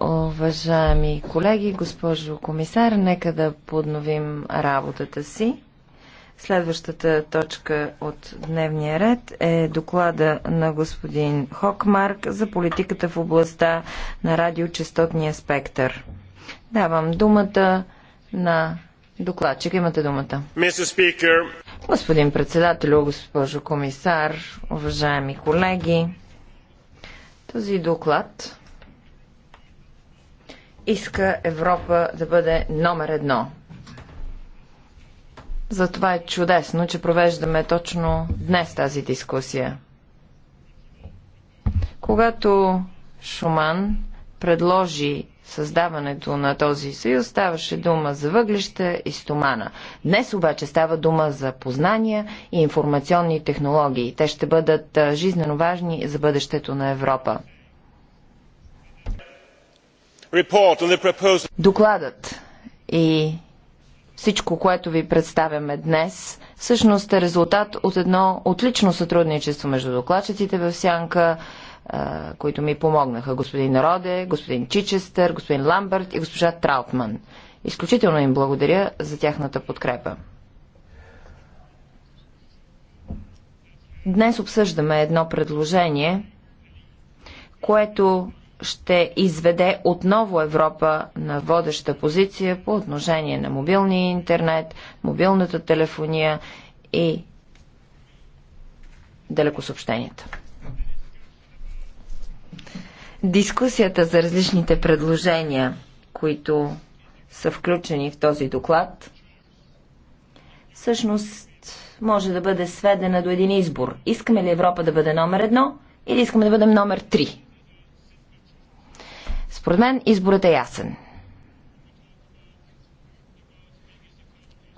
Уважаеми колеги, госпожо комисар, нека да подновим работата си. Следващата точка от дневния ред е доклада на господин Хокмарк за политиката в областта на радиочастотния спектър. Давам думата на докладчик. Имате думата. Господин председател, госпожо комисар, уважаеми колеги, този доклад иска Европа да бъде номер едно. Затова е чудесно, че провеждаме точно днес тази дискусия. Когато Шуман предложи създаването на този съюз ставаше дума за въглища и стомана. Днес обаче става дума за познания и информационни технологии. Те ще бъдат жизненно важни за бъдещето на Европа. Докладът и всичко, което ви представяме днес, всъщност е резултат от едно отлично сътрудничество между докладчиците в Сянка, които ми помогнаха. Господин Роде, господин Чичестър, господин Ламбърт и госпожа Траутман. Изключително им благодаря за тяхната подкрепа. Днес обсъждаме едно предложение, което ще изведе отново Европа на водеща позиция по отношение на мобилния интернет, мобилната телефония и далекосъобщенията. Дискусията за различните предложения, които са включени в този доклад, всъщност може да бъде сведена до един избор. Искаме ли Европа да бъде номер едно или искаме да бъдем номер три? Според мен изборът е ясен.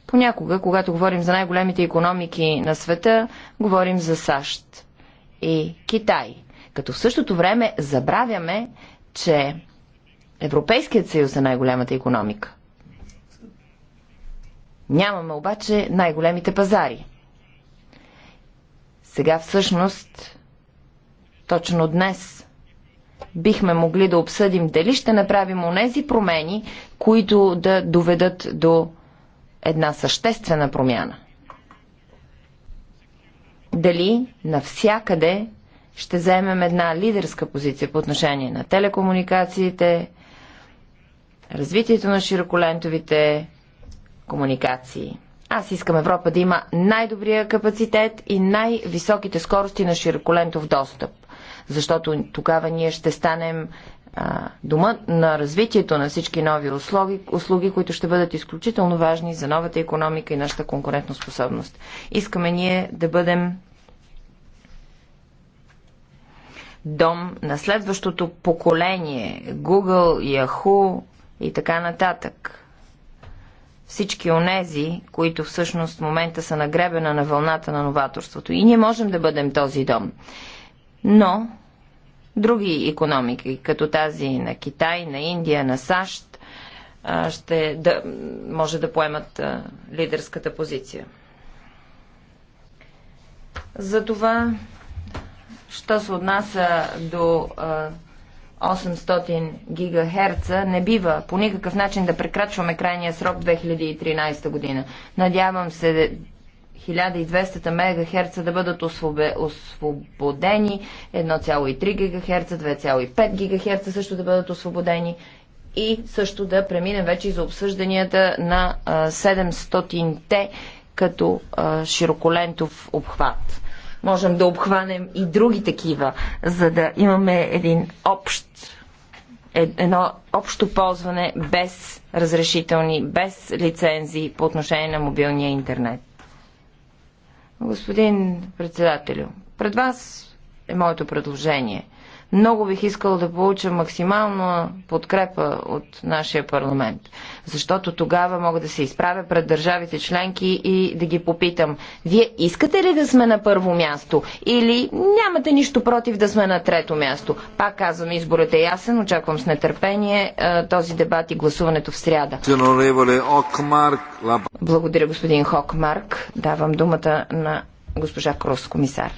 Понякога, когато говорим за най-големите економики на света, говорим за САЩ и Китай – като в същото време забравяме, че Европейският съюз е най-голямата економика. Нямаме обаче най-големите пазари. Сега всъщност, точно днес, бихме могли да обсъдим дали ще направим онези промени, които да доведат до една съществена промяна. Дали навсякъде ще заемем една лидерска позиция по отношение на телекомуникациите, развитието на широколентовите комуникации. Аз искам Европа да има най-добрия капацитет и най-високите скорости на широколентов достъп, защото тогава ние ще станем дома дума на развитието на всички нови услуги, услуги, които ще бъдат изключително важни за новата економика и нашата конкурентоспособност. Искаме ние да бъдем дом на следващото поколение Google, Yahoo и така нататък. Всички онези, които всъщност в момента са нагребена на вълната на новаторството. И ние можем да бъдем този дом. Но други економики, като тази на Китай, на Индия, на САЩ, ще да, може да поемат лидерската позиция. Затова Що се отнася до 800 гигахерца, не бива по никакъв начин да прекрачваме крайния срок 2013 година. Надявам се 1200 МГц да бъдат освободени, 1,3 ГГц, 2,5 ГГц също да бъдат освободени и също да преминем вече и за обсъжданията на 700-те като широколентов обхват можем да обхванем и други такива, за да имаме един общ е, едно общо ползване без разрешителни, без лицензии по отношение на мобилния интернет. Господин председателю, пред вас е моето предложение. Много бих искал да получа максимална подкрепа от нашия парламент. Защото тогава мога да се изправя пред държавите членки и да ги попитам, вие искате ли да сме на първо място или нямате нищо против да сме на трето място? Пак казвам, изборът е ясен, очаквам с нетърпение този дебат и гласуването в сряда. Благодаря, господин Хокмарк. Давам думата на госпожа Крос, комисар.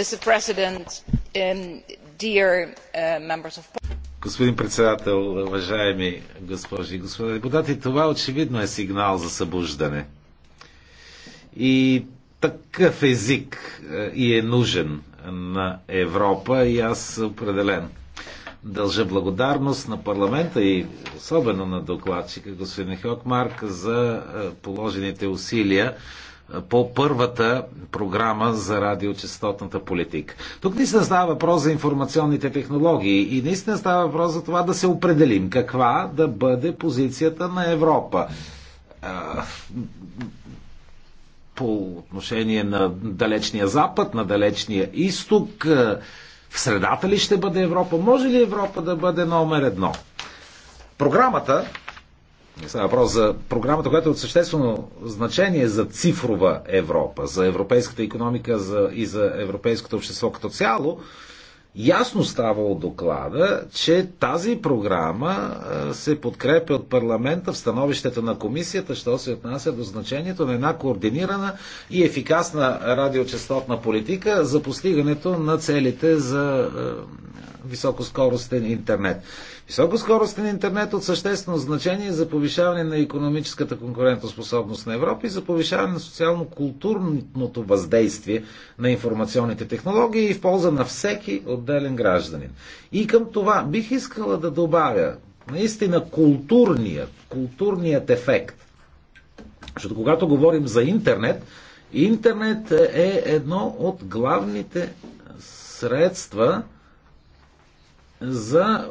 mr president Um, uh, господин председател, уважаеми госпожи и господа депутати, това очевидно е сигнал за събуждане. И такъв език е, и е нужен на Европа и аз определен дължа благодарност на парламента и особено на докладчика господин Хокмарк за е, положените усилия по първата програма за радиочастотната политика. Тук наистина става въпрос за информационните технологии и наистина става въпрос за това да се определим каква да бъде позицията на Европа по отношение на далечния запад, на далечния изток, в средата ли ще бъде Европа? Може ли Европа да бъде номер едно? Програмата Става въпрос за програмата, която е от съществено значение за цифрова Европа, за европейската економика за, и за европейското общество като цяло. Ясно става от доклада, че тази програма се подкрепя от парламента в становището на комисията, що се отнася до значението на една координирана и ефикасна радиочастотна политика за постигането на целите за високоскоростен интернет. Високоскоростен интернет от съществено значение за повишаване на економическата конкурентоспособност на Европа и за повишаване на социално-културното въздействие на информационните технологии и в полза на всеки отделен гражданин. И към това бих искала да добавя наистина културният, културният ефект. Защото когато говорим за интернет, интернет е едно от главните средства за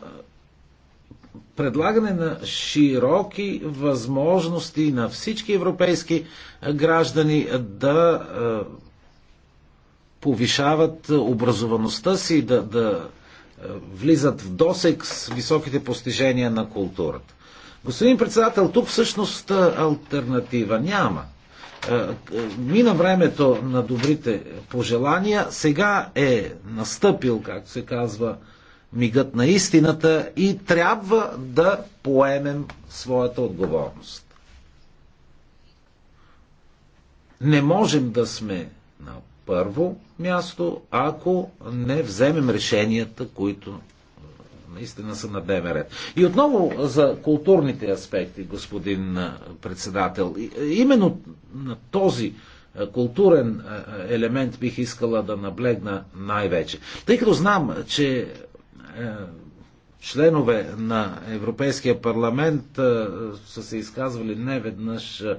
предлагане на широки възможности на всички европейски граждани да е, повишават образоваността си, да, да е, влизат в досек с високите постижения на културата. Господин председател, тук всъщност е, альтернатива няма. Мина времето на добрите пожелания, сега е настъпил, както се казва, мигът на истината и трябва да поемем своята отговорност. Не можем да сме на първо място, ако не вземем решенията, които е, наистина са на дневен ред. И отново за културните аспекти, господин е, председател. Е, именно на този културен елемент бих искала да наблегна най-вече. Тъй като знам, че е, членове на Европейския парламент е, са се изказвали не веднъж е,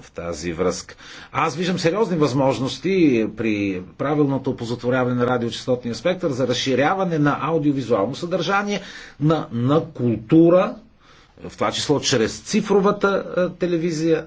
в тази връзка. Аз виждам сериозни възможности при правилното опозотворяване на радиочастотния спектър за разширяване на аудиовизуално съдържание на, на култура, в това число чрез цифровата телевизия,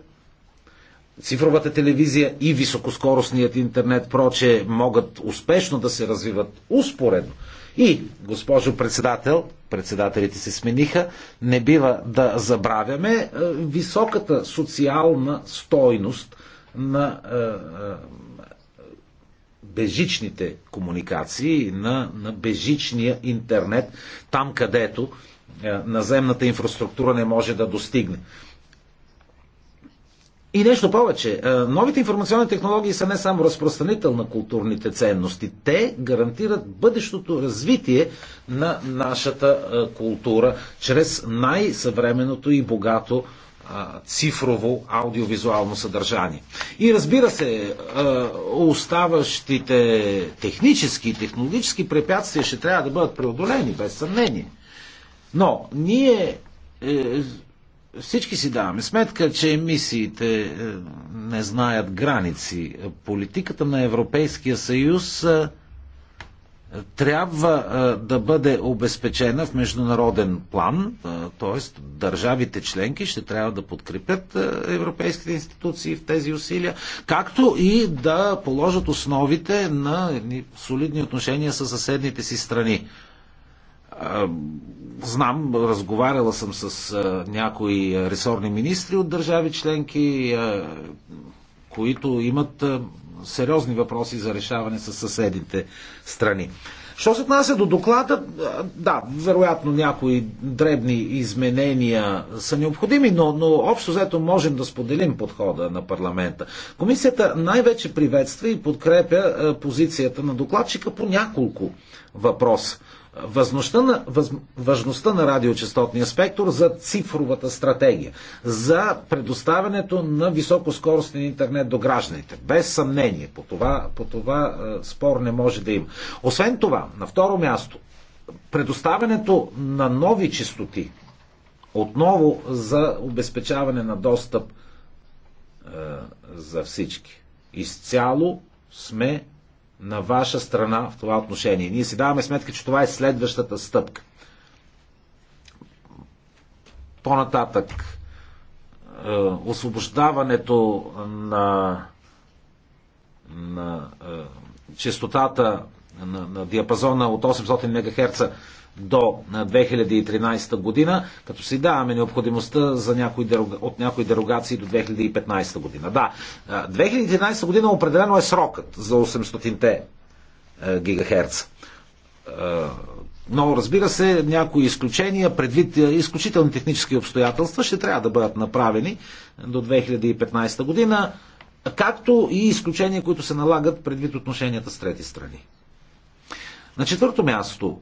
цифровата телевизия и високоскоростният интернет, проче, могат успешно да се развиват успоредно и, госпожо председател, председателите се смениха, не бива да забравяме е, високата социална стойност на е, е, бежичните комуникации, на, на бежичния интернет, там където наземната инфраструктура не може да достигне. И нещо повече, е, новите информационни технологии са не само разпространител на културните ценности, те гарантират бъдещото развитие на нашата е, култура чрез най-съвременното и богато е, цифрово аудиовизуално съдържание. И разбира се, оставащите технически и технологически препятствия ще трябва да бъдат преодолени, без съмнение. Но ние всички си даваме сметка, че емисиите е, не знаят граници. Политиката на Европейския съюз е, трябва е, да бъде обезпечена в международен план, т.е. държавите членки ще трябва да подкрепят европейските институции в тези усилия, както и да положат основите на солидни отношения с съседните си страни. Знам, разговаряла съм с някои ресорни министри от държави членки, които имат сериозни въпроси за решаване с съседните страни. Що се отнася до доклада, да, вероятно някои дребни изменения са необходими, но, но общо взето можем да споделим подхода на парламента. Комисията най-вече приветства и подкрепя позицията на докладчика по няколко въпроса. Възможността на, въз, важността на радиочастотния спектър за цифровата стратегия, за предоставянето на високоскоростен интернет до гражданите. Без съмнение, по това, по това е, спор не може да има. Освен това, на второ място, предоставянето на нови частоти, отново за обезпечаване на достъп е, за всички. Изцяло сме на ваша страна в това отношение. Ние си даваме сметка, че това е следващата стъпка. По-нататък, е, освобождаването на, на е, частотата на, на диапазона от 800 МГц до 2013 година, като си даваме необходимостта за някои дерога... от някои дерогации до 2015 година. Да, 2013 година определено е срокът за 800-те гигахерца. Е, но разбира се, някои изключения, предвид е, изключителни технически обстоятелства, ще трябва да бъдат направени до 2015 година, както и изключения, които се налагат предвид отношенията с трети страни. На четвърто място,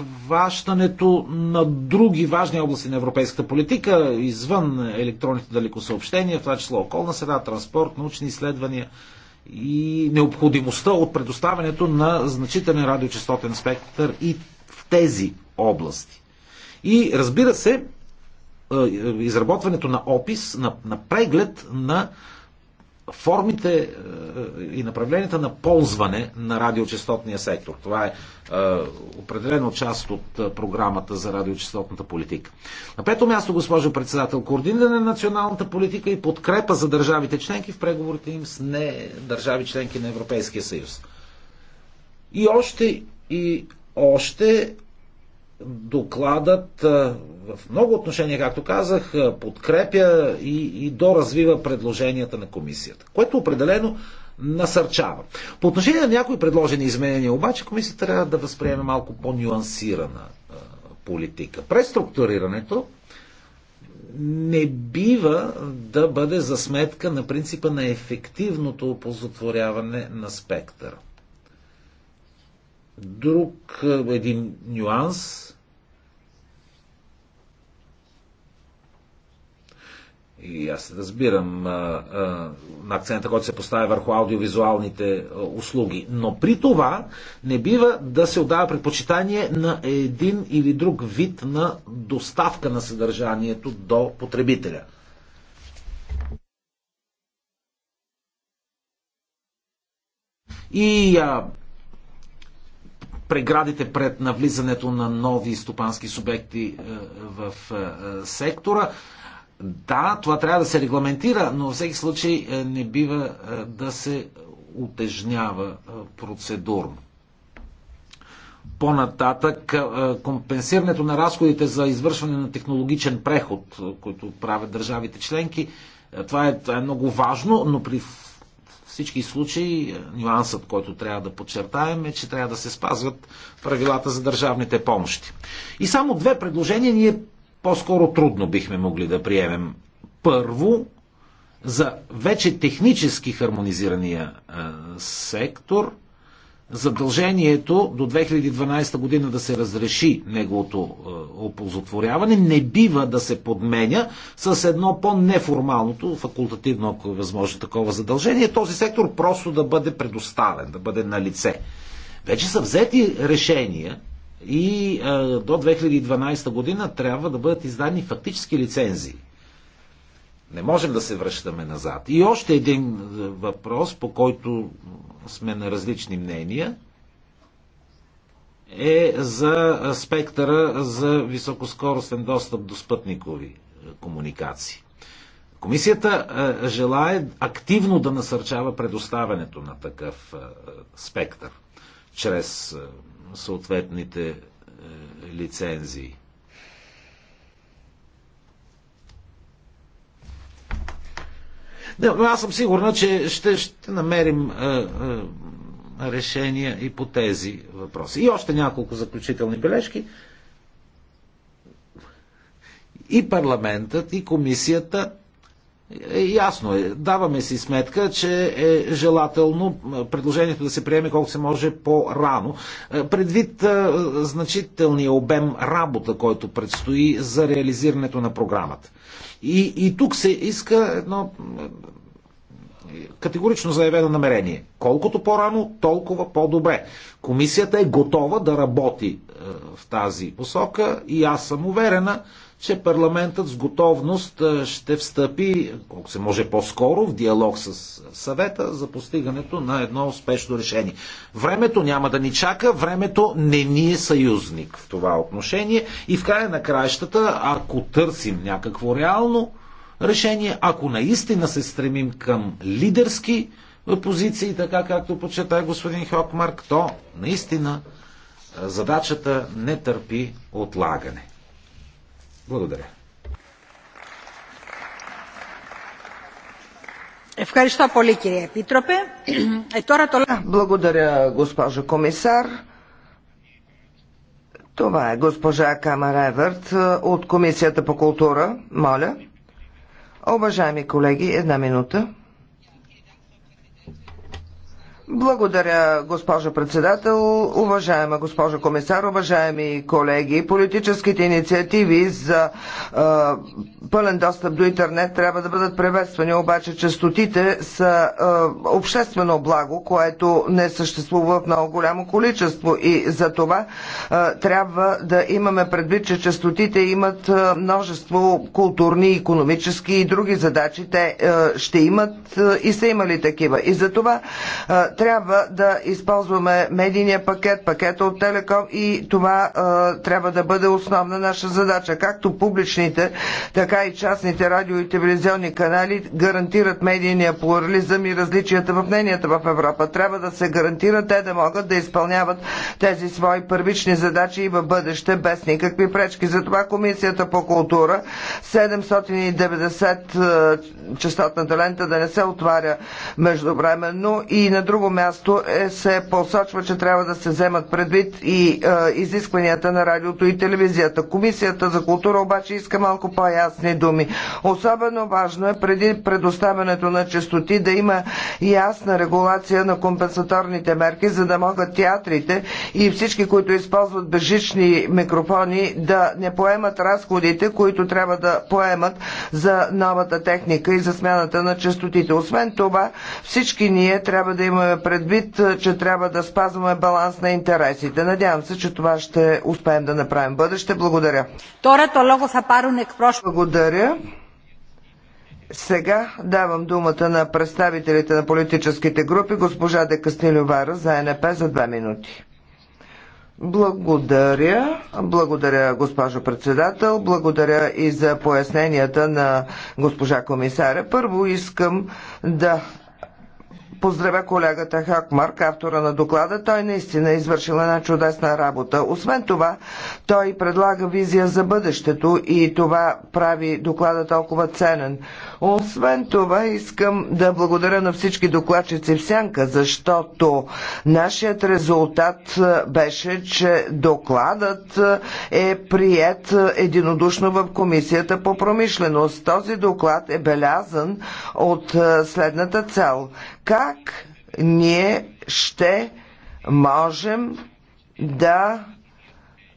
обхващането на други важни области на европейската политика, извън електронните далекосъобщения, в това число околна среда, транспорт, научни изследвания и необходимостта от предоставянето на значителен радиочастотен спектър и в тези области. И разбира се, е, е, изработването на опис, на, на преглед на формите е, и направленията на ползване на радиочастотния сектор. Това е, е определено част от е, програмата за радиочастотната политика. На пето място, госпожо председател, координиране на националната политика и подкрепа за държавите членки в преговорите им с не държави членки на Европейския съюз. И още и още докладът в много отношения, както казах, подкрепя и, и доразвива предложенията на комисията, което определено насърчава. По отношение на някои предложени изменения, обаче, комисията трябва да възприеме малко по-нюансирана политика. Преструктурирането не бива да бъде за сметка на принципа на ефективното опозотворяване на спектъра. Друг един нюанс И аз разбирам на акцента, който се поставя върху аудиовизуалните услуги. Но при това не бива да се отдава предпочитание на един или друг вид на доставка на съдържанието до потребителя. И а, преградите пред навлизането на нови стопански субекти а, в а, сектора. А, да, това трябва да се регламентира, но във всеки случай е, не бива е, да се утежнява е, процедурно. По-нататък, компенсирането на разходите за извършване на технологичен преход, който правят държавите членки, това е, това е много важно, но при всички случаи нюансът, който трябва да подчертаем е, че трябва да се спазват правилата за държавните помощи. И само две предложения ние по-скоро трудно бихме могли да приемем. Първо, за вече технически хармонизирания а, сектор, задължението до 2012 година да се разреши неговото оползотворяване не бива да се подменя с едно по-неформалното, факултативно, ако е възможно такова задължение, този сектор просто да бъде предоставен, да бъде на лице. Вече са взети решения и до 2012 година трябва да бъдат издадени фактически лицензии. Не можем да се връщаме назад. И още един въпрос, по който сме на различни мнения, е за спектъра за високоскоростен достъп до спътникови комуникации. Комисията желае активно да насърчава предоставянето на такъв спектър чрез съответните е, лицензии. Не, аз съм сигурна, че ще, ще намерим е, е, решения и по тези въпроси. И още няколко заключителни бележки. И парламентът, и комисията е, ясно е, даваме си сметка, че е желателно предложението да се приеме колко се може по-рано, е, предвид е, значителния обем работа, който предстои за реализирането на програмата. И, и тук се иска едно категорично заявено намерение. Колкото по-рано, толкова по-добре. Комисията е готова да работи в тази посока и аз съм уверена, че парламентът с готовност ще встъпи, колко се може по-скоро, в диалог с съвета за постигането на едно успешно решение. Времето няма да ни чака, времето не ни е съюзник в това отношение и в края на краищата, ако търсим някакво реално решение, ако наистина се стремим към лидерски позиции, така както почета господин Хокмарк, то наистина задачата не търпи отлагане. Благодаря. Благодаря, госпожо комисар. Това е госпожа Камара Еверт е, от Комисията по култура. Моля. Уважаеми колеги, една минута. Благодаря, госпожо председател, уважаема госпожо комисар, уважаеми колеги. Политическите инициативи за е, пълен достъп до интернет трябва да бъдат приветствани, обаче частотите са е, обществено благо, което не съществува в много голямо количество и за това е, трябва да имаме предвид, че частотите имат е, множество културни, економически и други задачи. Те е, ще имат е, и са имали такива. И за това е, трябва да използваме медийния пакет, пакета от Телеком и това а, трябва да бъде основна наша задача. Както публичните, така и частните радио и телевизионни канали гарантират медийния плурализъм и различията в мненията в Европа. Трябва да се гарантира те да могат да изпълняват тези свои първични задачи и в бъдеще без никакви пречки. Затова Комисията по култура 790 частотната лента да не се отваря междувременно и на друго първо място е, се посочва, че трябва да се вземат предвид и е, изискванията на радиото и телевизията. Комисията за култура обаче иска малко по-ясни думи. Особено важно е преди предоставянето на частоти да има ясна регулация на компенсаторните мерки, за да могат театрите и всички, които използват бежични микрофони, да не поемат разходите, които трябва да поемат за новата техника и за смяната на частотите. Освен това, всички ние трябва да имаме предвид, че трябва да спазваме баланс на интересите. Надявам се, че това ще успеем да направим бъдеще. Благодаря. Благодаря. Сега давам думата на представителите на политическите групи, госпожа Декастилювара за НП за две минути. Благодаря. Благодаря, госпожо председател. Благодаря и за поясненията на госпожа комисаря. Първо искам да поздравя колегата Хакмарк, автора на доклада. Той наистина е извършил една чудесна работа. Освен това, той предлага визия за бъдещето и това прави доклада толкова ценен. Освен това, искам да благодаря на всички докладчици в сянка, защото нашият резултат беше, че докладът е прият единодушно в Комисията по промишленост. Този доклад е белязан от следната цел как ние ще можем да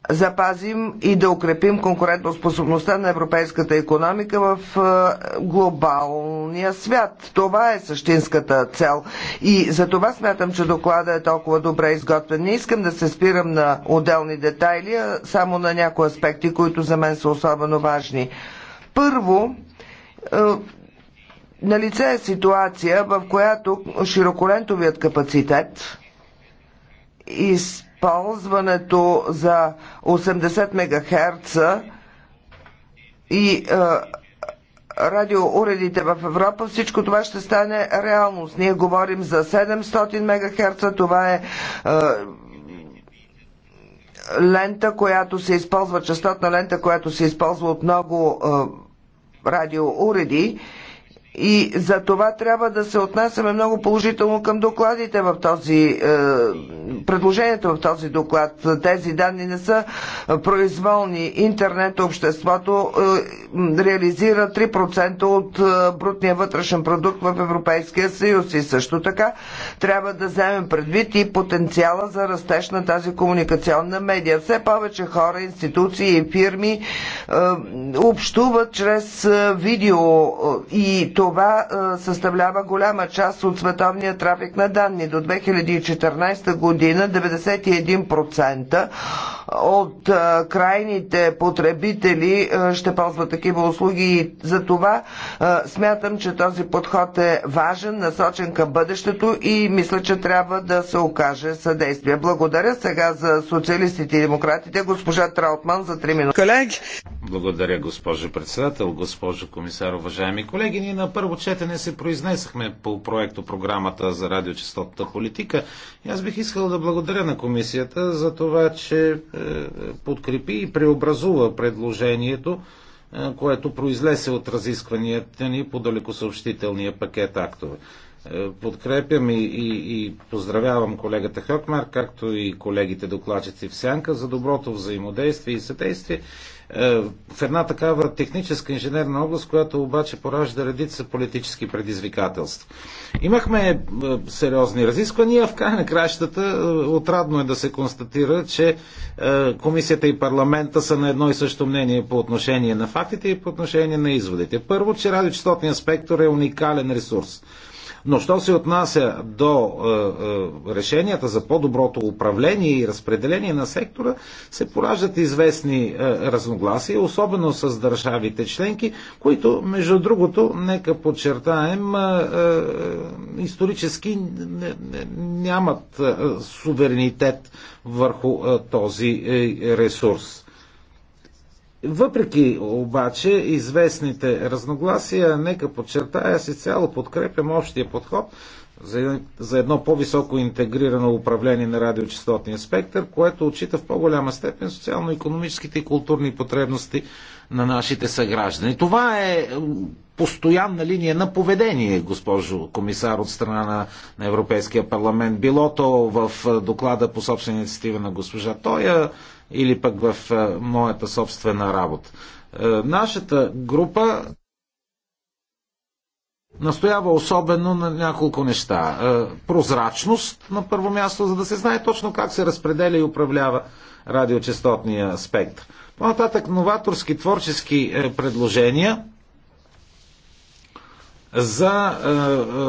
запазим и да укрепим конкурентоспособността на европейската економика в е, глобалния свят. Това е същинската цел. И за това смятам, че доклада е толкова добре изготвен. Не искам да се спирам на отделни детайли, а само на някои аспекти, които за мен са особено важни. Първо, е, Налице е ситуация, в която широколентовият капацитет използването за 80 МГц и е, радиоуредите в Европа, всичко това ще стане реалност. Ние говорим за 700 МГц, това е, е лента, която се използва, частотна лента, която се използва от много е, радиоуреди и за това трябва да се отнасяме много положително към докладите в този, е, предложението в този доклад. Тези данни не са произволни. Интернет обществото е, реализира 3% от е, брутния вътрешен продукт в Европейския съюз и също така трябва да вземем предвид и потенциала за растеж на тази комуникационна медия. Все повече хора, институции и фирми е, общуват чрез е, видео е, и това съставлява голяма част от световния трафик на данни. До 2014 година 91% от крайните потребители ще ползват такива услуги и за това смятам, че този подход е важен, насочен към бъдещето и мисля, че трябва да се окаже съдействие. Благодаря сега за социалистите и демократите, госпожа Траутман за 3 минути. Колеги! Благодаря, госпожо председател, госпожо комисар, уважаеми колеги. Ние на първо четене се произнесахме по проекто програмата за радиочастотната политика. И аз бих искал да благодаря на комисията за това, че е, подкрепи и преобразува предложението, е, което произлезе от разискванията ни по далекосъобщителния пакет актове. Е, подкрепям и, и, и поздравявам колегата Хокмар, както и колегите докладчици в Сянка за доброто взаимодействие и съдействие. Е, в една такава техническа инженерна област, която обаче поражда редица политически предизвикателства. Имахме е, сериозни разисквания, в край на кращата е, отрадно е да се констатира, че комисията и парламента са на едно и също мнение по отношение на фактите и по отношение на изводите. Първо, че радиочастотният спектър е уникален ресурс но що се отнася до е, е, решенията за по-доброто управление и разпределение на сектора, се пораждат известни е, разногласия, особено с държавите членки, които, между другото, нека подчертаем, е, е, исторически не, не, нямат е, суверенитет върху е, този е, ресурс. Въпреки обаче известните разногласия, нека подчертая, си цяло подкрепям общия подход за едно по-високо интегрирано управление на радиочастотния спектър, което отчита в по-голяма степен социално-економическите и културни потребности на нашите съграждани. Това е, е постоянна линия на поведение, госпожо комисар, от страна на, на Европейския парламент. Било то в е, доклада по собствена инициатива на госпожа Тоя, или пък в моята собствена работа. Е, нашата група настоява особено на няколко неща. Е, прозрачност на първо място, за да се знае точно как се разпределя и управлява радиочастотния спектър. По-нататък новаторски творчески е, предложения за е, е,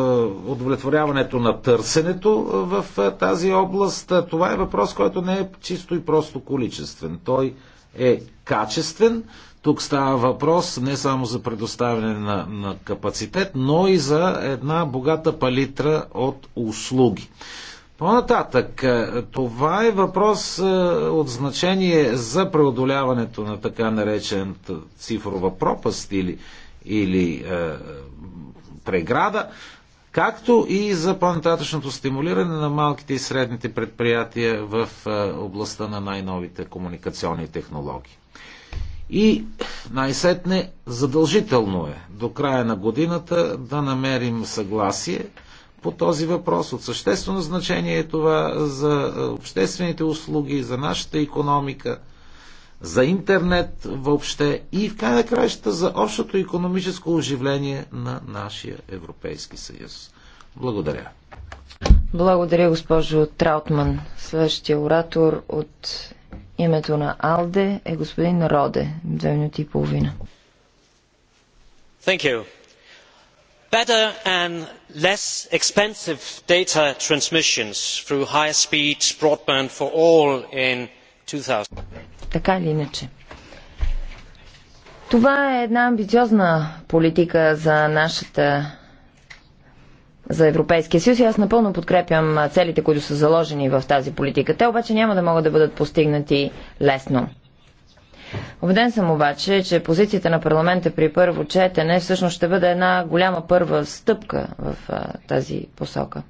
удовлетворяването на търсенето в е, тази област. Това е въпрос, който не е чисто и просто количествен. Той е качествен. Тук става въпрос не само за предоставяне на, на капацитет, но и за една богата палитра от услуги. По-нататък, това е въпрос от значение за преодоляването на така наречената цифрова пропаст или, или е, преграда, както и за по-нататъчното стимулиране на малките и средните предприятия в е, областта на най-новите комуникационни технологии. И най-сетне задължително е до края на годината да намерим съгласие по този въпрос. От съществено значение е това за е, обществените услуги, за нашата економика – за интернет въобще и в край на краищата за общото економическо оживление на нашия Европейски съюз. Благодаря. Благодаря, госпожо Траутман. Следващия оратор от името на Алде е господин Роде. Две минути и половина. Thank you. Better and less expensive data transmissions through high speed broadband for all in 2000 така или иначе. Това е една амбициозна политика за нашата за Европейския съюз и аз напълно подкрепям целите, които са заложени в тази политика. Те обаче няма да могат да бъдат постигнати лесно. Обеден съм обаче, че позицията на парламента при първо четене всъщност ще бъде една голяма първа стъпка в тази посока.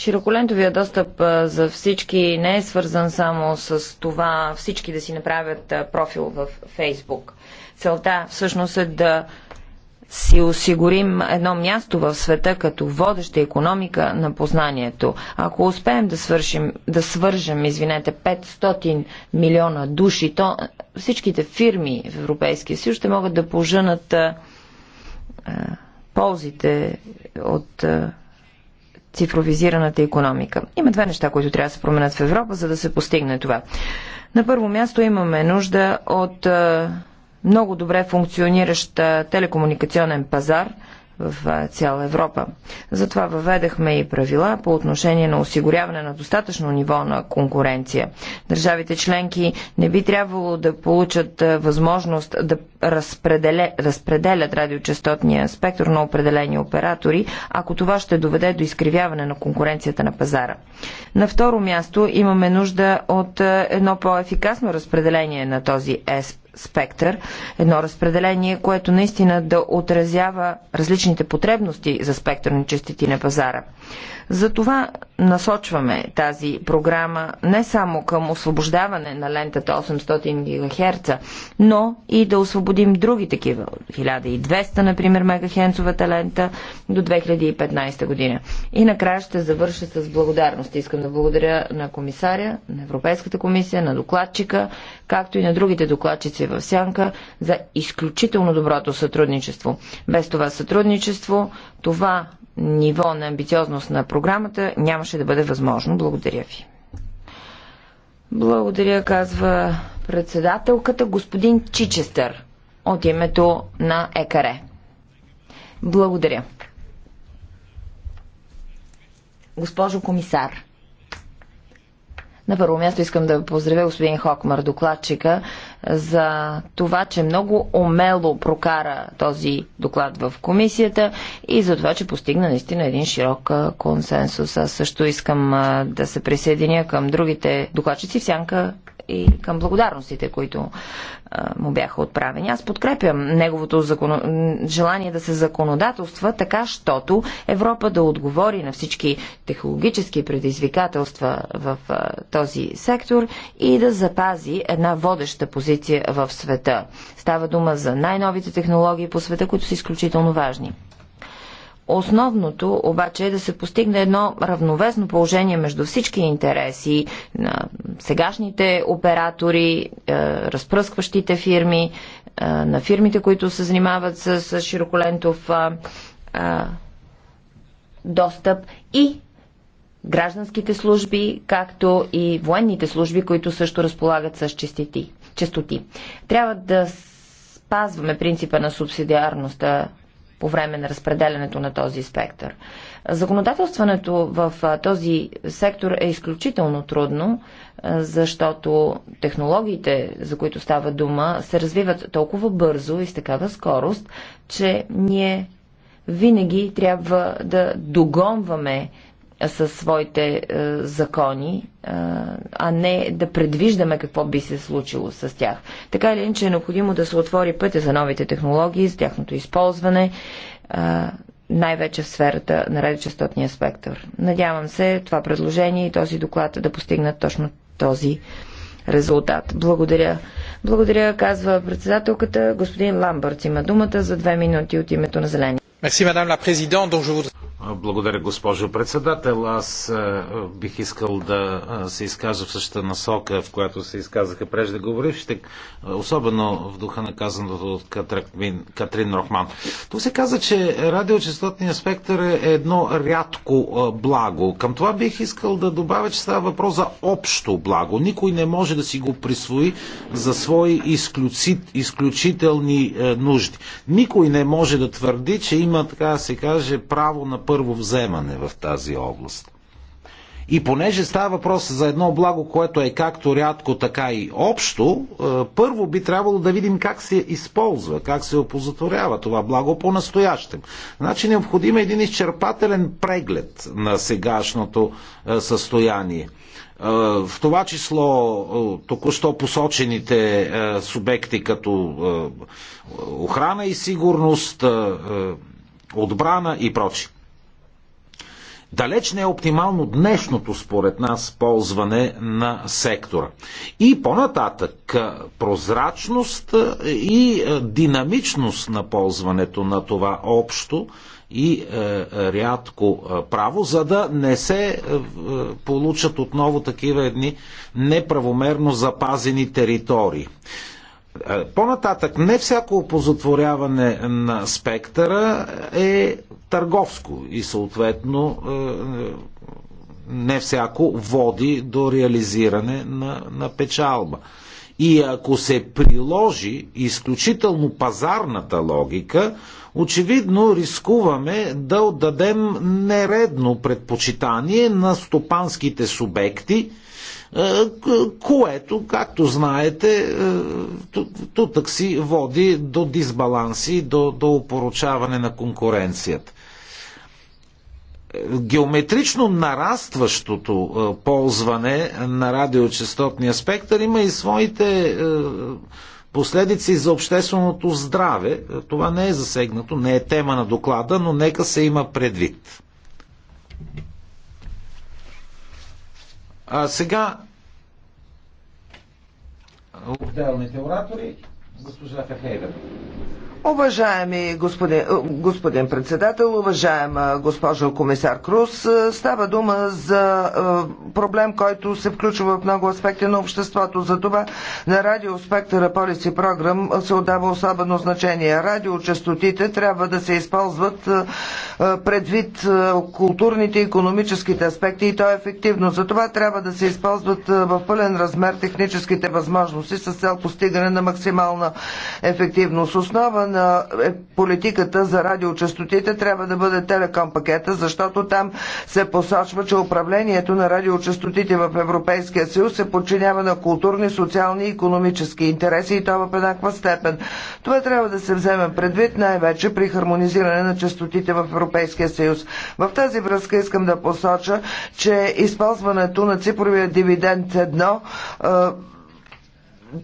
Широколентовия достъп за всички не е свързан само с това всички да си направят профил в Фейсбук. Целта всъщност е да си осигурим едно място в света като водеща економика на познанието. Ако успеем да, свършим, да свържем извинете, 500 милиона души, то всичките фирми в Европейския съюз ще могат да поженат а, ползите от а, цифровизираната економика. Има две неща, които трябва да се променят в Европа, за да се постигне това. На първо място имаме нужда от много добре функциониращ телекомуникационен пазар – в цяла Европа. Затова въведахме и правила по отношение на осигуряване на достатъчно ниво на конкуренция. Държавите членки не би трябвало да получат възможност да разпределя, разпределят радиочастотния спектър на определени оператори, ако това ще доведе до изкривяване на конкуренцията на пазара. На второ място имаме нужда от едно по-ефикасно разпределение на този спектър, едно разпределение, което наистина да отразява различните потребности за спектърни частоти на пазара. Затова насочваме тази програма не само към освобождаване на лентата 800 ГГц, но и да освободим други такива, 1200, например, мегахенцовата лента до 2015 година. И накрая ще завърша с благодарност. Искам да благодаря на комисаря, на Европейската комисия, на докладчика, както и на другите докладчици в Сянка за изключително доброто сътрудничество. Без това сътрудничество това ниво на амбициозност на програмата нямаше да бъде възможно. Благодаря ви. Благодаря, казва председателката господин Чичестър от името на ЕКАРЕ. Благодаря. Госпожо комисар, на първо място искам да поздравя господин Хокмар, докладчика, за това, че много умело прокара този доклад в комисията и за това, че постигна наистина един широк консенсус. Аз също искам да се присъединя към другите докладчици в сянка, и към благодарностите, които а, му бяха отправени. Аз подкрепям неговото закон... желание да се законодателства така, щото Европа да отговори на всички технологически предизвикателства в а, този сектор и да запази една водеща позиция в света. Става дума за най-новите технологии по света, които са изключително важни. Основното обаче е да се постигне едно равновесно положение между всички интереси на сегашните оператори, е, разпръскващите фирми, е, на фирмите, които се занимават с широколентов е, достъп и гражданските служби, както и военните служби, които също разполагат с честоти. Трябва да спазваме принципа на субсидиарността по време на разпределянето на този спектър. Законодателстването в този сектор е изключително трудно, защото технологиите, за които става дума, се развиват толкова бързо и с такава скорост, че ние винаги трябва да догонваме със своите е, закони, е, а не да предвиждаме какво би се случило с тях. Така или иначе е необходимо да се отвори пътя за новите технологии, за тяхното използване, е, най-вече в сферата на радиочастотния спектър. Надявам се това предложение и този доклад да постигнат точно този резултат. Благодаря. Благодаря, казва председателката. Господин Ламбърц има думата за две минути от името на Зелени. Merci, madame la présidente. Donc, je voudrais... Благодаря, госпожо председател. Аз е, бих искал да е, се изкажа в същата насока, в която се изказаха преждеговорившите, е, особено в духа на казаното от Катрин, Катрин Рохман. Тук се каза, че радиочастотният спектър е едно рядко благо. Към това бих искал да добавя, че става въпрос за общо благо. Никой не може да си го присвои за свои изключителни нужди. Никой не може да твърди, че има, така да се каже, право на първо първо вземане в тази област. И понеже става въпрос за едно благо, което е както рядко, така и общо, е, първо би трябвало да видим как се използва, как се опозотворява това благо по-настоящем. Значи необходим е един изчерпателен преглед на сегашното е, състояние. Е, в това число току-що посочените субекти като охрана и сигурност, отбрана и прочие. Далеч не е оптимално днешното, според нас, ползване на сектора. И по-нататък прозрачност и динамичност на ползването на това общо и е, рядко е, право, за да не се е, е, получат отново такива едни неправомерно запазени територии. Е, по-нататък, не всяко опозотворяване на спектъра е търговско и съответно е, не всяко води до реализиране на, на печалба. И ако се приложи изключително пазарната логика, очевидно рискуваме да отдадем нередно предпочитание на стопанските субекти, е, което, както знаете, е, тутък си води до дисбаланси, до, до опоручаване на конкуренцията геометрично нарастващото е, ползване на радиочастотния спектър има и своите последици за общественото здраве. Това не е засегнато, не е тема на доклада, но нека се има предвид. А сега отделните оратори, госпожа Фехейдер. Уважаеми господин, е, господин председател, уважаема госпожо комисар Крус, е, става дума за е, проблем, който се включва в много аспекти на обществото. За това на Радио Спектъра Полиси Програм се отдава особено значение. Радиочастотите трябва да се използват предвид културните и економическите аспекти и то е ефективно. За това трябва да се използват в пълен размер техническите възможности с цел постигане на максимална ефективност. Основа на е, политиката за радиочастотите трябва да бъде телеком пакета, защото там се посочва, че управлението на радиочастотите в Европейския съюз се подчинява на културни, социални и економически интереси и то в еднаква степен. Това трябва да се вземе предвид най-вече при хармонизиране на частотите в Европейския съюз. В тази връзка искам да посоча, че използването на цифровия дивиденд 1 е,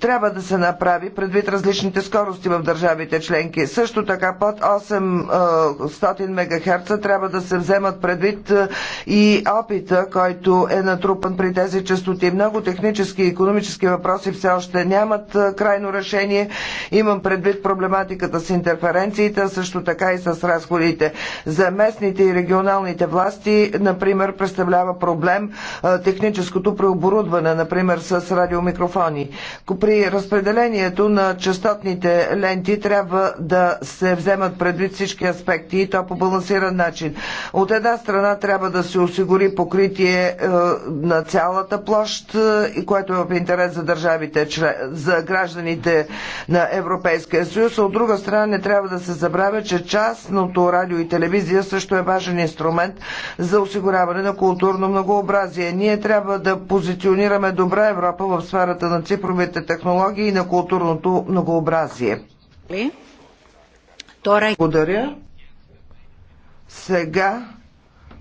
трябва да се направи предвид различните скорости в държавите членки. Също така под 800 МГц трябва да се вземат предвид е, и опита, който е натрупан при тези частоти. Много технически и економически въпроси все още нямат е, крайно решение. Имам предвид проблематиката с интерференциите, също така и с разходите. За местните и регионалните власти, например, представлява проблем е, техническото преоборудване, например с радиомикрофони при разпределението на частотните ленти трябва да се вземат предвид всички аспекти и то по балансиран начин. От една страна трябва да се осигури покритие е, на цялата площ, е, което е в интерес за държавите, за гражданите на Европейския съюз. От друга страна не трябва да се забравя, че частното радио и телевизия също е важен инструмент за осигуряване на културно многообразие. Ние трябва да позиционираме добра Европа в сферата на цифровите технологии и на културното многообразие. Благодаря. Сега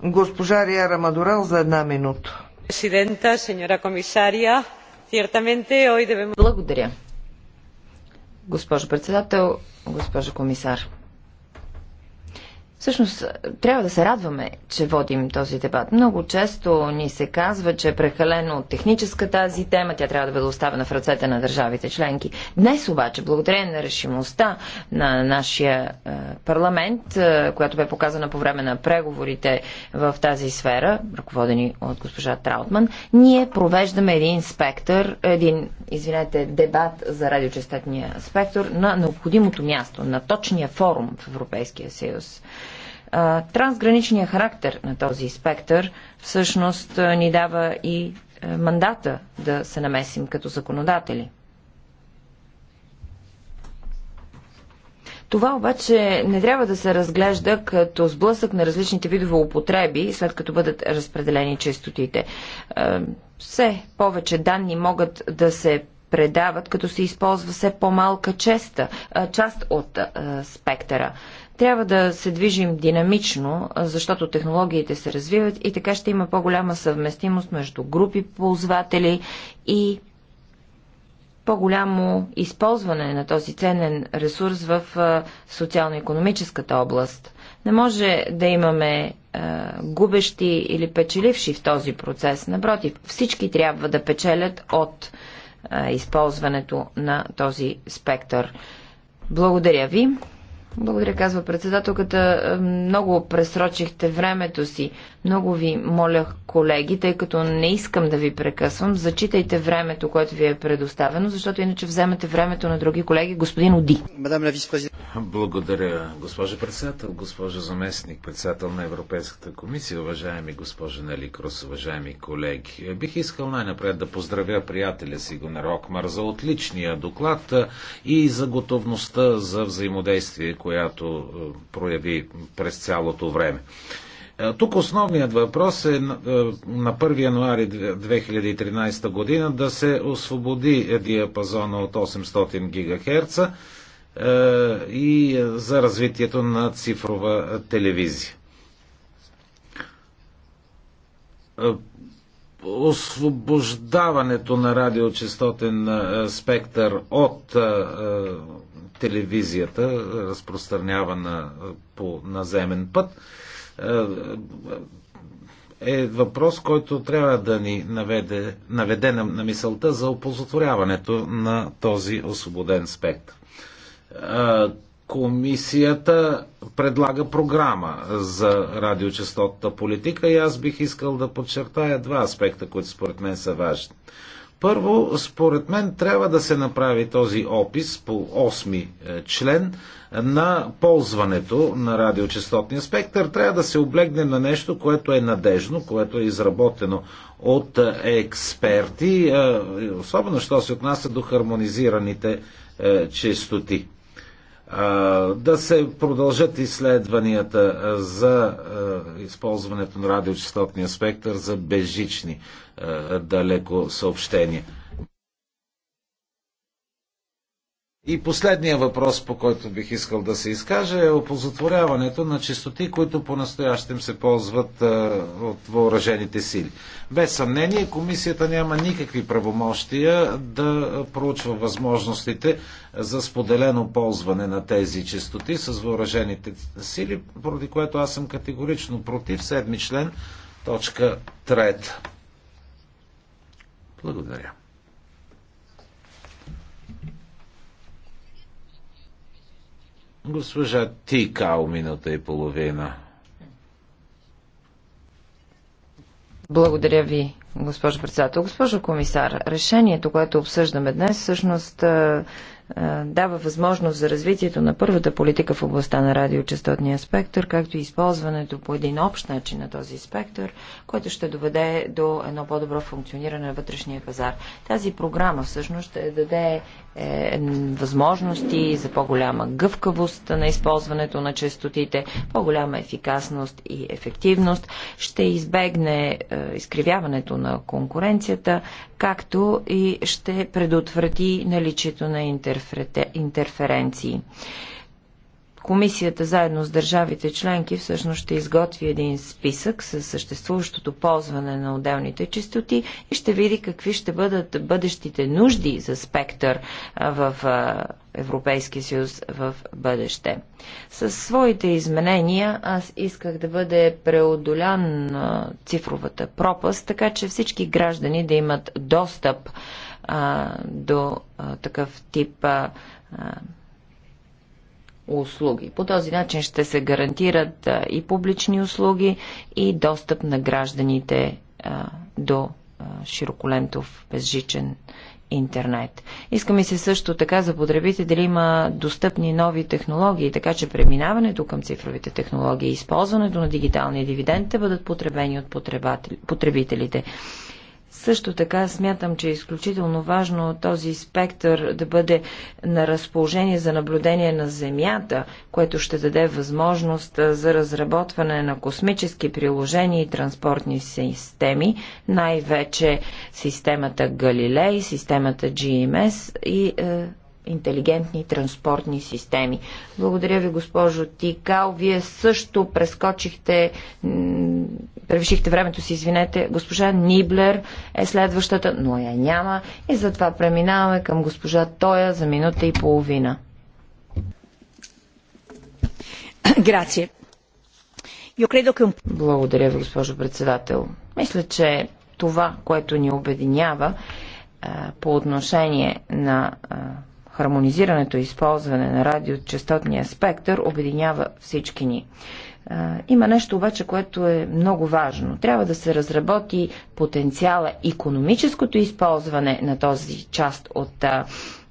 госпожа Риера Мадурел за една минута. Президента, сеньора комисария, Благодаря. Госпожо председател, госпожо комисар. Всъщност, трябва да се радваме, че водим този дебат. Много често ни се казва, че е прекалено техническа тази тема, тя трябва да бъде оставена в ръцете на държавите членки. Днес обаче, благодарение на решимостта на нашия е, парламент, е, която бе показана по време на преговорите в тази сфера, ръководени от госпожа Траутман, ние провеждаме един спектър, един, извинете, дебат за радиочестетния спектър на необходимото място, на точния форум в Европейския съюз. Трансграничният характер на този спектър всъщност ни дава и е, мандата да се намесим като законодатели. Това обаче не трябва да се разглежда като сблъсък на различните видове употреби, след като бъдат разпределени честотите. Е, все повече данни могат да се предават, като се използва все по-малка честа, е, част от спектъра. Трябва да се движим динамично, защото технологиите се развиват и така ще има по-голяма съвместимост между групи ползватели и по-голямо използване на този ценен ресурс в социално-економическата област. Не може да имаме губещи или печеливши в този процес. Напротив, всички трябва да печелят от използването на този спектър. Благодаря ви. Благодаря, казва председателката. Много пресрочихте времето си. Много ви моля, колеги, тъй като не искам да ви прекъсвам, зачитайте времето, което ви е предоставено, защото иначе вземете времето на други колеги. Господин Оди. Благодаря, госпожа председател, госпожа заместник, председател на Европейската комисия, уважаеми госпожа Нели Крус, уважаеми колеги. Бих искал най-напред да поздравя приятеля си Гонер Окмар за отличния доклад и за готовността за взаимодействие, която прояви през цялото време. Е, тук основният въпрос е, е на 1 януари 2013 година да се освободи диапазона от 800 ГГц е, и за развитието на цифрова телевизия. Освобождаването на радиочастотен спектър от телевизията, разпространявана по наземен път, е, е, е въпрос, който трябва да ни наведе, наведе на, на мисълта за опозотворяването на този освободен спект. Комисията предлага програма за радиочастотната политика и аз бих искал да подчертая два аспекта, които според мен са важни. Първо, според мен трябва да се направи този опис по 8 е, член на ползването на радиочастотния спектър. Трябва да се облегне на нещо, което е надежно, което е изработено от е, експерти, е, особено що се отнася до хармонизираните честоти да се продължат изследванията за използването на радиочастотния спектър за безжични далеко съобщения. И последния въпрос, по който бих искал да се изкажа, е опозотворяването на чистоти, които по-настоящем се ползват а, от въоръжените сили. Без съмнение, комисията няма никакви правомощия да проучва възможностите за споделено ползване на тези чистоти с въоръжените сили, поради което аз съм категорично против седми член, точка трета. Благодаря. Госпожа Тикао, минута и половина. Благодаря ви, госпожо председател. Госпожо комисар, решението, което обсъждаме днес, всъщност дава възможност за развитието на първата политика в областта на радиочастотния спектър, както и използването по един общ начин на този спектър, който ще доведе до едно по-добро функциониране на вътрешния пазар. Тази програма всъщност ще даде е, възможности за по-голяма гъвкавост на използването на частотите, по-голяма ефикасност и ефективност, ще избегне е, изкривяването на конкуренцията, както и ще предотврати наличието на интерференции. Комисията заедно с държавите членки всъщност ще изготви един списък с съществуващото ползване на отделните частоти и ще види какви ще бъдат бъдещите нужди за спектър в Европейския съюз в бъдеще. С своите изменения аз исках да бъде преодолян цифровата пропаст, така че всички граждани да имат достъп а, до а, такъв тип а, услуги. По този начин ще се гарантират и публични услуги, и достъп на гражданите до широколентов безжичен интернет. Искаме се също така за потребите дали има достъпни нови технологии, така че преминаването към цифровите технологии и използването на дигиталния дивиденд да бъдат потребени от потребителите. Също така смятам, че е изключително важно този спектър да бъде на разположение за наблюдение на Земята, което ще даде възможност за разработване на космически приложения и транспортни системи, най-вече системата Галилей, системата GMS и е, интелигентни транспортни системи. Благодаря ви, госпожо Тикал. Вие също прескочихте превишихте времето си, извинете. Госпожа Ниблер е следващата, но я няма. И затова преминаваме към госпожа Тоя за минута и половина. Грация. Благодаря ви, госпожо председател. Мисля, че това, което ни обединява по отношение на хармонизирането и използване на радиочастотния спектър, обединява всички ни. Има нещо обаче, което е много важно. Трябва да се разработи потенциала, економическото използване на този част от а,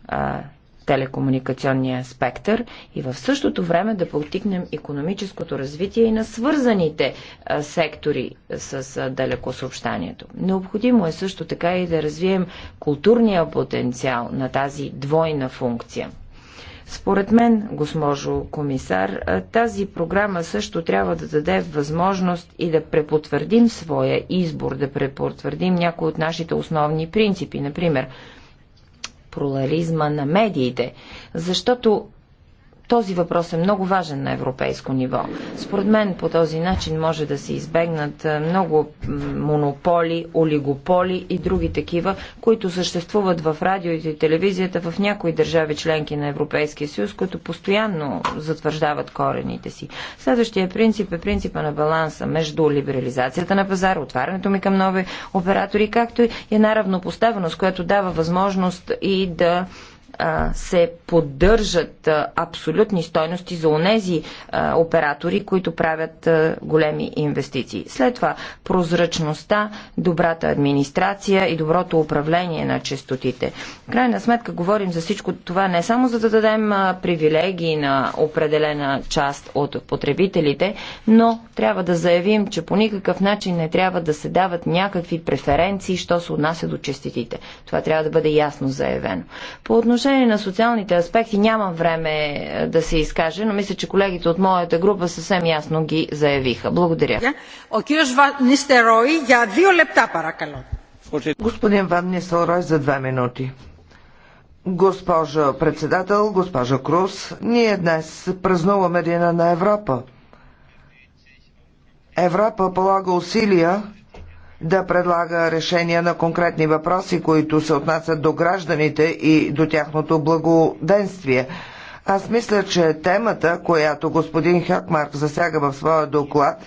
а, телекомуникационния спектър и в същото време да потикнем економическото развитие и на свързаните а, сектори с а, далекосъобщанието. Необходимо е също така и да развием културния потенциал на тази двойна функция – според мен, госпожо комисар, тази програма също трябва да даде възможност и да препотвърдим своя избор, да препотвърдим някои от нашите основни принципи, например, плурализма на медиите, защото този въпрос е много важен на европейско ниво. Според мен по този начин може да се избегнат е, много монополи, олигополи и други такива, които съществуват в радиото и телевизията в някои държави членки на Европейския съюз, които постоянно затвърждават корените си. Следващия принцип е принципа на баланса между либерализацията на пазара, отварянето ми към нови оператори, както и една равнопоставеност, която дава възможност и да се поддържат абсолютни стойности за онези оператори, които правят големи инвестиции. След това прозрачността, добрата администрация и доброто управление на частотите. В крайна сметка говорим за всичко това не само за да дадем привилегии на определена част от потребителите, но трябва да заявим, че по никакъв начин не трябва да се дават някакви преференции, що се отнася до частотите. Това трябва да бъде ясно заявено. По отношение отношение на социалните аспекти нямам време е, да се изкаже, но мисля, че колегите от моята група съвсем ясно ги заявиха. Благодаря. Господин Ван Нистерой за две минути. Госпожа председател, госпожа Крус, ние днес празнуваме Дина на Европа. Европа полага усилия да предлага решения на конкретни въпроси, които се отнасят до гражданите и до тяхното благоденствие. Аз мисля, че темата, която господин Хакмарк засяга в своя доклад,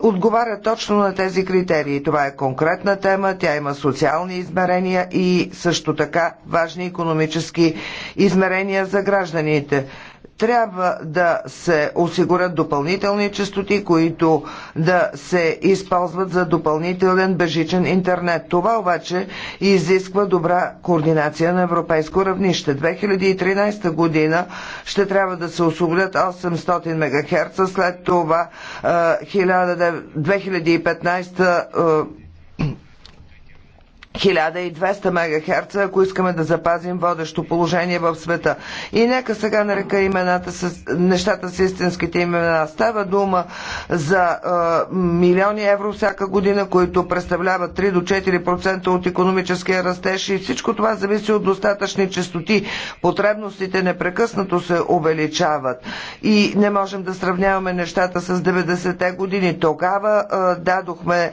отговаря точно на тези критерии. Това е конкретна тема, тя има социални измерения и също така важни економически измерения за гражданите трябва да се осигурят допълнителни частоти, които да се използват за допълнителен бежичен интернет. Това обаче изисква добра координация на европейско равнище. 2013 година ще трябва да се осигурят 800 МГц, след това 2015 1200 МГц, ако искаме да запазим водещо положение в света. И нека сега нарека имената с, нещата с истинските имена. Става дума за е, милиони евро всяка година, които представляват 3 до 4% от економическия растеж и всичко това зависи от достатъчни частоти. Потребностите непрекъснато се увеличават и не можем да сравняваме нещата с 90-те години. Тогава е, дадохме е,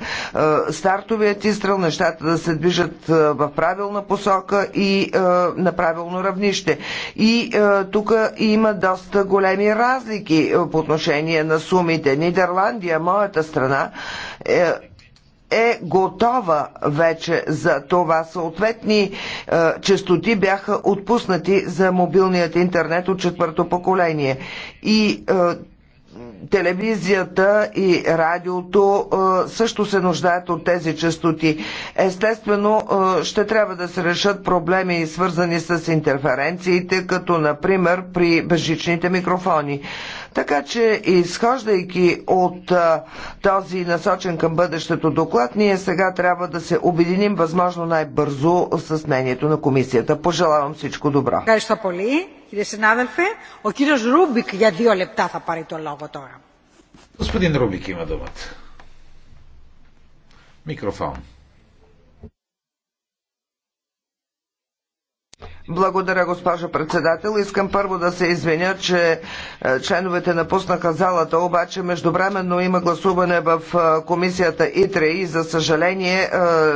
стартовият изстрел, нещата да се движат движат е, в правилна посока и е, на правилно равнище. И е, тук има доста големи разлики по отношение на сумите. Нидерландия, моята страна, е е готова вече за това. Съответни е, частоти бяха отпуснати за мобилният интернет от четвърто поколение. И е, телевизията и радиото също се нуждаят от тези частоти. Естествено, ще трябва да се решат проблеми, свързани с интерференциите, като например при бежичните микрофони. Така че, изхождайки от този насочен към бъдещето доклад, ние сега трябва да се обединим възможно най-бързо с мнението на комисията. Пожелавам всичко добро. θα Господин Рубик има думата. Микрофон. Благодаря, госпожо председател. Искам първо да се извиня, че е, членовете напуснаха залата, обаче междувременно има гласуване в е, комисията ИТРЕ и за съжаление е,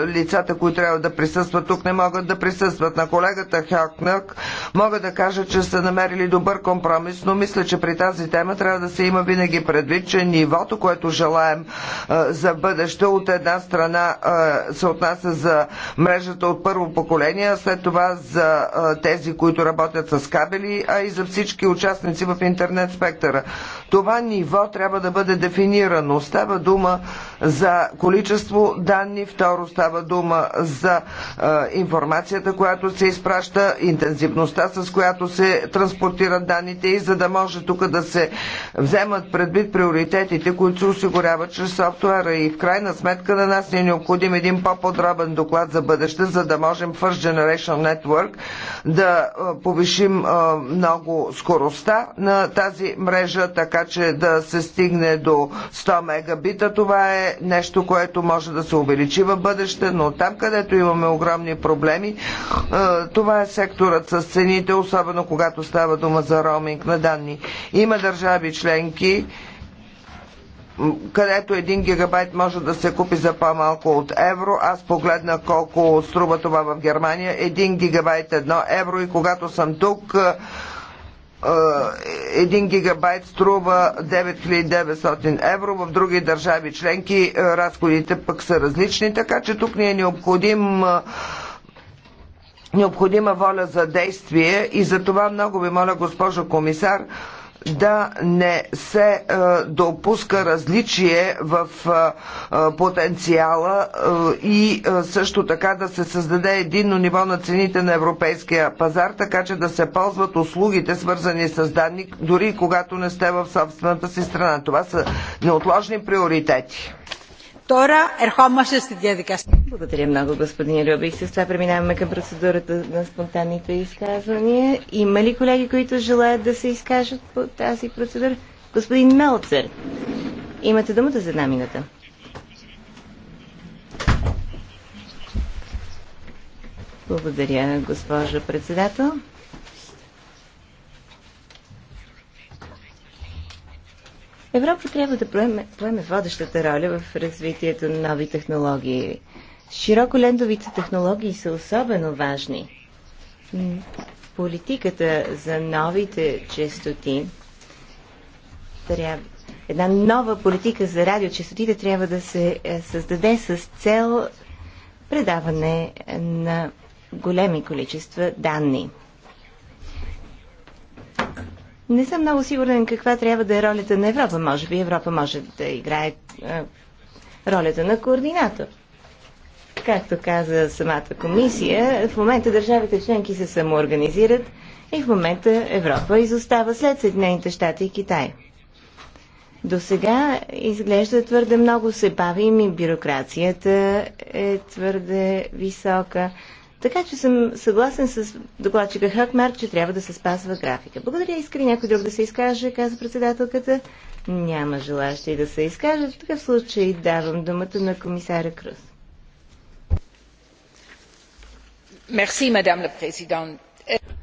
лицата, които трябва да присъстват тук, не могат да присъстват. На колегата Хякнак мога да кажа, че са намерили добър компромис, но мисля, че при тази тема трябва да се има винаги предвид, че нивото, което желаем за бъдеще от една страна се отнася за мрежата от първо поколение, а след това за тези, които работят с кабели, а и за всички участници в интернет спектъра. Това ниво трябва да бъде дефинирано. Става дума за количество данни, второ става дума за информацията, която се изпраща, интензивността, с която се транспортират данните и за да може тук да се вземат предвид приоритетите, които се осигуряват чрез софтуера. И в крайна сметка на нас е необходим един по-подробен доклад за бъдеще, за да можем First Generation Network да повишим много скоростта на тази мрежа, така че да се стигне до 100 мегабита. Това е нещо, което може да се увеличи в бъдеще, но там, където имаме огромни проблеми, това е секторът с цените, особено когато става дума за роуминг на данни. Има държави членки, където един гигабайт може да се купи за по-малко от евро. Аз погледнах колко струва това в Германия. един гигабайт едно евро и когато съм тук е, е, един гигабайт струва 9900 евро, в други държави членки е, разходите пък са различни, така че тук ни е необходим необходима воля за действие и за това много ви моля, госпожо комисар, да не се е, допуска различие в е, е, потенциала и също така да се създаде единно ниво на цените на европейския пазар, така че да се ползват услугите, свързани с данни, дори когато не сте в собствената си страна. Това са неотложни приоритети. Τώρα ερχόμαστε στη διαδικασία. Благодаря много, господин Рубик. С това преминаваме към процедурата на спонтанните изказвания. Има ли колеги, които желаят да се изкажат по тази процедура? Господин Мелцер, имате думата за една минута. Благодаря, госпожо председател. Европа трябва да поеме, поеме водещата роля в развитието на нови технологии. Широколендовите технологии са особено важни. Политиката за новите честоти, трябва една нова политика за радиочастотите трябва да се е, създаде с цел предаване на големи количества данни. Не съм много сигурен каква трябва да е ролята на Европа. Може би Европа може да играе е, ролята на координатор. Както каза самата комисия, в момента държавите членки се самоорганизират и в момента Европа изостава след Съединените щати и Китай. До сега изглежда твърде много се бавим и бюрокрацията е твърде висока. Така че съм съгласен с докладчика Хакмар, че трябва да се спазва графика. Благодаря. искали някой друг да се изкаже, каза председателката. Няма желащи да се изкажат. В такъв случай давам думата на комисаря Крус. Мерси, мадам ла президент.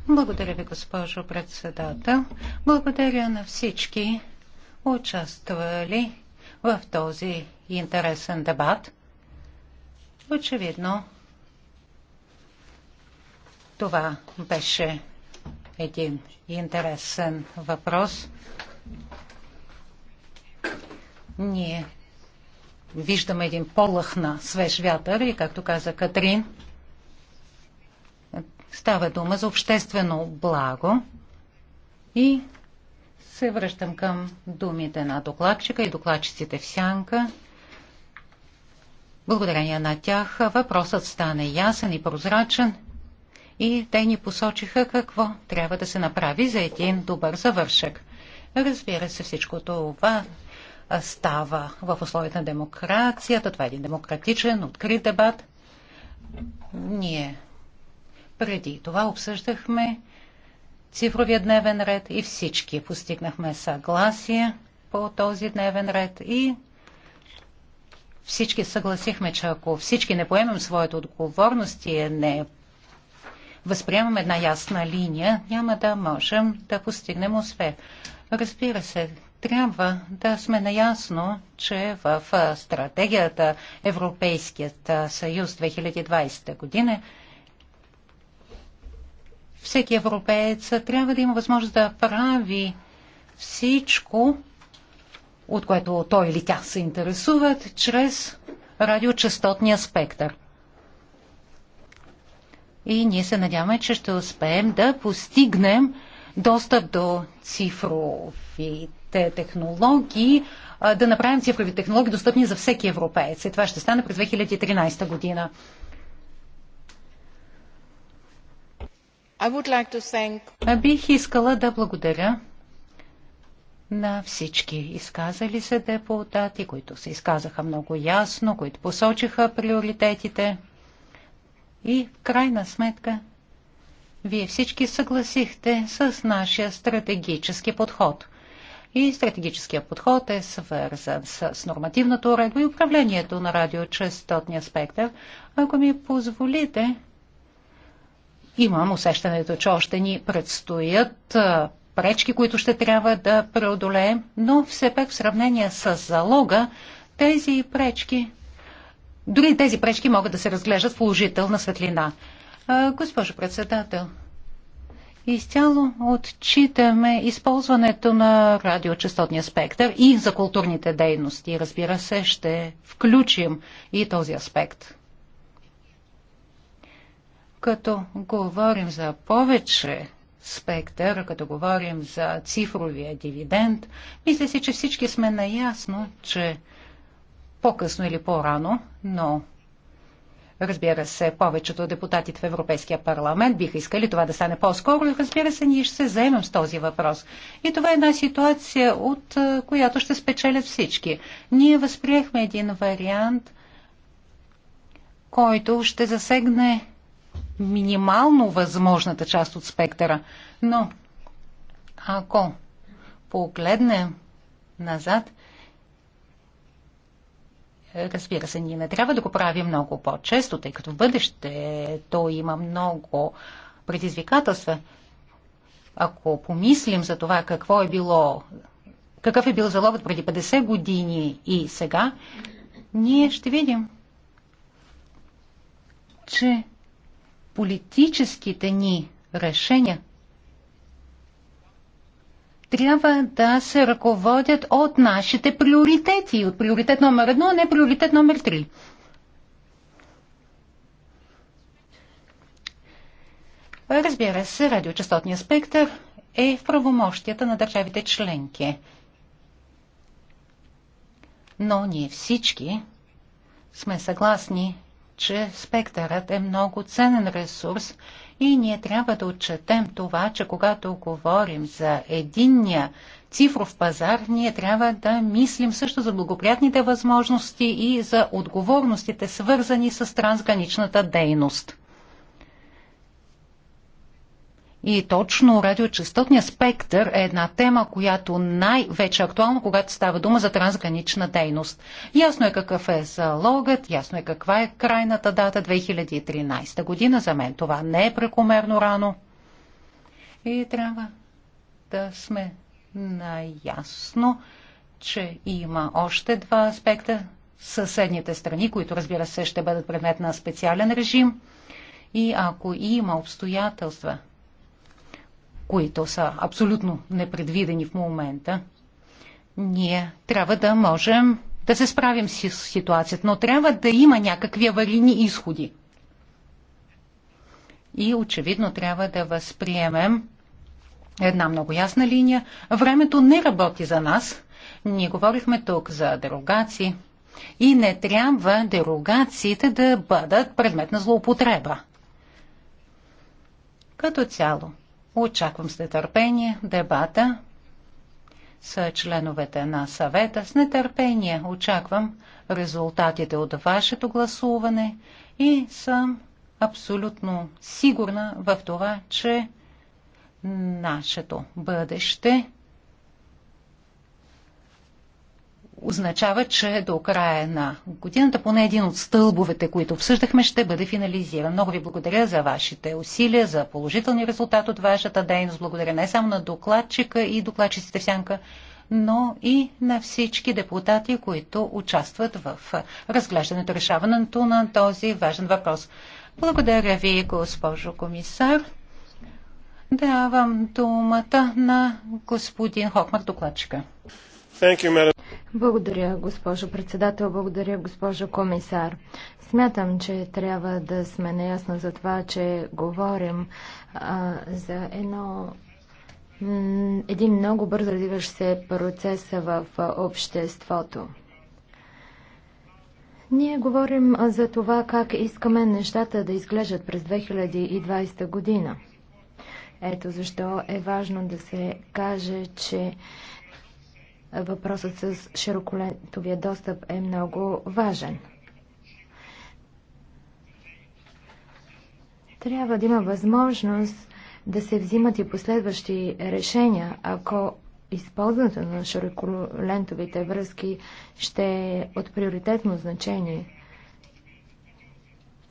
Благодаря ви, госпожо председател. Благодаря на всички, участвали в този интересен дебат. Очевидно, това беше един интересен въпрос. Ние виждаме един полъх на свеж вятър и, както каза Катрин, става дума за обществено благо и се връщам към думите на докладчика и докладчиците в сянка. Благодарение на тях въпросът стане ясен и прозрачен и те ни посочиха какво трябва да се направи за един добър завършък. Разбира се, всичко това става в условията на демокрацията. Това е един демократичен, открит дебат. Ние преди това обсъждахме цифровия дневен ред и всички постигнахме съгласие по този дневен ред и всички съгласихме, че ако всички не поемем своите отговорности, не възприемам една ясна линия, няма да можем да постигнем успех. Разбира се, трябва да сме наясно, че в стратегията Европейският съюз 2020 година всеки европеец трябва да има възможност да прави всичко, от което той или тя се интересуват, чрез радиочастотния спектър и ние се надяваме, че ще успеем да постигнем достъп до цифровите технологии, да направим цифрови технологии достъпни за всеки европеец. И това ще стане през 2013 година. Like thank... Бих искала да благодаря на всички изказали се депутати, които се изказаха много ясно, които посочиха приоритетите. И в крайна сметка, вие всички съгласихте с нашия стратегически подход. И стратегическия подход е свързан с нормативната уредба и управлението на радиочастотния спектър. Ако ми позволите, имам усещането, че още ни предстоят пречки, които ще трябва да преодолеем, но все пак в сравнение с залога, тези пречки дори тези пречки могат да се разглеждат в положителна светлина. Госпожо председател, изцяло отчитаме използването на радиочастотния спектър и за културните дейности. Разбира се, ще включим и този аспект. Като говорим за повече спектър, като говорим за цифровия дивиденд, мисля си, че всички сме наясно, че по-късно или по-рано, но разбира се, повечето депутати депутатите в Европейския парламент биха искали това да стане по-скоро и разбира се, ние ще се заемем с този въпрос. И това е една ситуация, от която ще спечелят всички. Ние възприехме един вариант, който ще засегне минимално възможната част от спектъра. Но ако погледнем назад, Разбира се, ние не трябва да го правим много по-често, тъй като в бъдеще то има много предизвикателства. Ако помислим за това какво е било, какъв е бил залогът преди 50 години и сега, ние ще видим, че политическите ни решения трябва да се ръководят от нашите приоритети, от приоритет номер едно, а не приоритет номер три. Разбира се, радиочастотния спектър е в правомощията на държавите членки. Но ние всички сме съгласни, че спектърът е много ценен ресурс, и ние трябва да отчетем това, че когато говорим за единния цифров пазар, ние трябва да мислим също за благоприятните възможности и за отговорностите, свързани с трансграничната дейност. И точно радиочастотният спектър е една тема, която най-вече е актуална, когато става дума за трансгранична дейност. Ясно е какъв е залогът, ясно е каква е крайната дата 2013 година. За мен това не е прекомерно рано. И трябва да сме наясно, че има още два аспекта. Съседните страни, които разбира се ще бъдат предмет на специален режим. И ако има обстоятелства, които са абсолютно непредвидени в момента, ние трябва да можем да се справим с ситуацията, но трябва да има някакви аварийни изходи. И очевидно трябва да възприемем една много ясна линия. Времето не работи за нас. Ние говорихме тук за дерогации и не трябва дерогациите да бъдат предмет на злоупотреба. Като цяло, Очаквам с нетърпение дебата с членовете на съвета. С нетърпение очаквам резултатите от вашето гласуване и съм абсолютно сигурна в това, че нашето бъдеще означава, че до края на годината поне един от стълбовете, които обсъждахме, ще бъде финализиран. Много ви благодаря за вашите усилия, за положителни резултат от вашата дейност. Благодаря не само на докладчика и докладчиците в сянка, но и на всички депутати, които участват в разглеждането, решаването на този важен въпрос. Благодаря ви, госпожо комисар. Давам думата на господин Хокмар, докладчика благодаря, госпожо председател, благодаря, госпожо комисар. Смятам, че трябва да сме наясно за това, че говорим а, за едно един много бързо развиващ се процес в обществото. Ние говорим за това как искаме нещата да изглеждат през 2020 година. Ето защо е важно да се каже, че въпросът с широколентовия достъп е много важен. Трябва да има възможност да се взимат и последващи решения, ако използването на широколентовите връзки ще е от приоритетно значение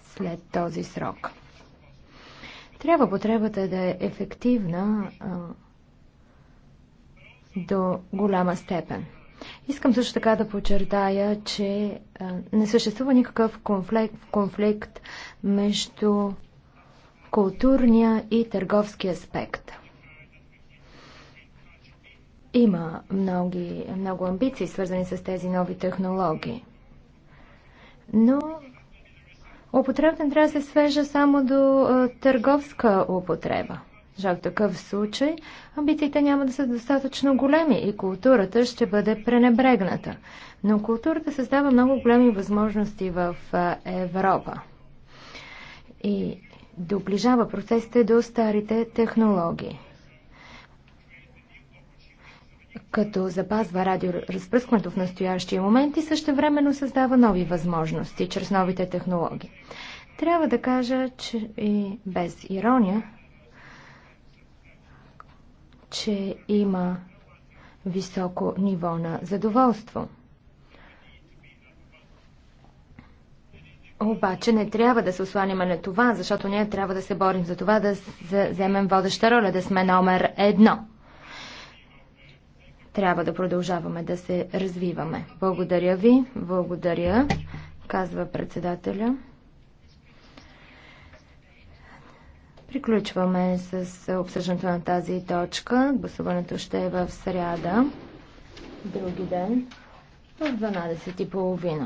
след този срок. Трябва потребата да е ефективна до голяма степен. Искам също така да подчертая, че не съществува никакъв конфликт, конфликт между културния и търговски аспект. Има много, много амбиции, свързани с тези нови технологии. Но употребата не трябва да се свежа само до търговска употреба. Жак, такъв случай амбициите няма да са достатъчно големи и културата ще бъде пренебрегната. Но културата създава много големи възможности в Европа и доближава процесите до старите технологии. Като запазва радиоразпръскването в настоящия момент и същевременно създава нови възможности чрез новите технологии. Трябва да кажа, че и без ирония, че има високо ниво на задоволство. Обаче не трябва да се осланяме на това, защото ние трябва да се борим за това да вземем водеща роля, да сме номер едно. Трябва да продължаваме да се развиваме. Благодаря ви, благодаря, казва председателя. Приключваме с обсъждането на тази точка. Гласуването ще е в сряда, други ден, в 12.30.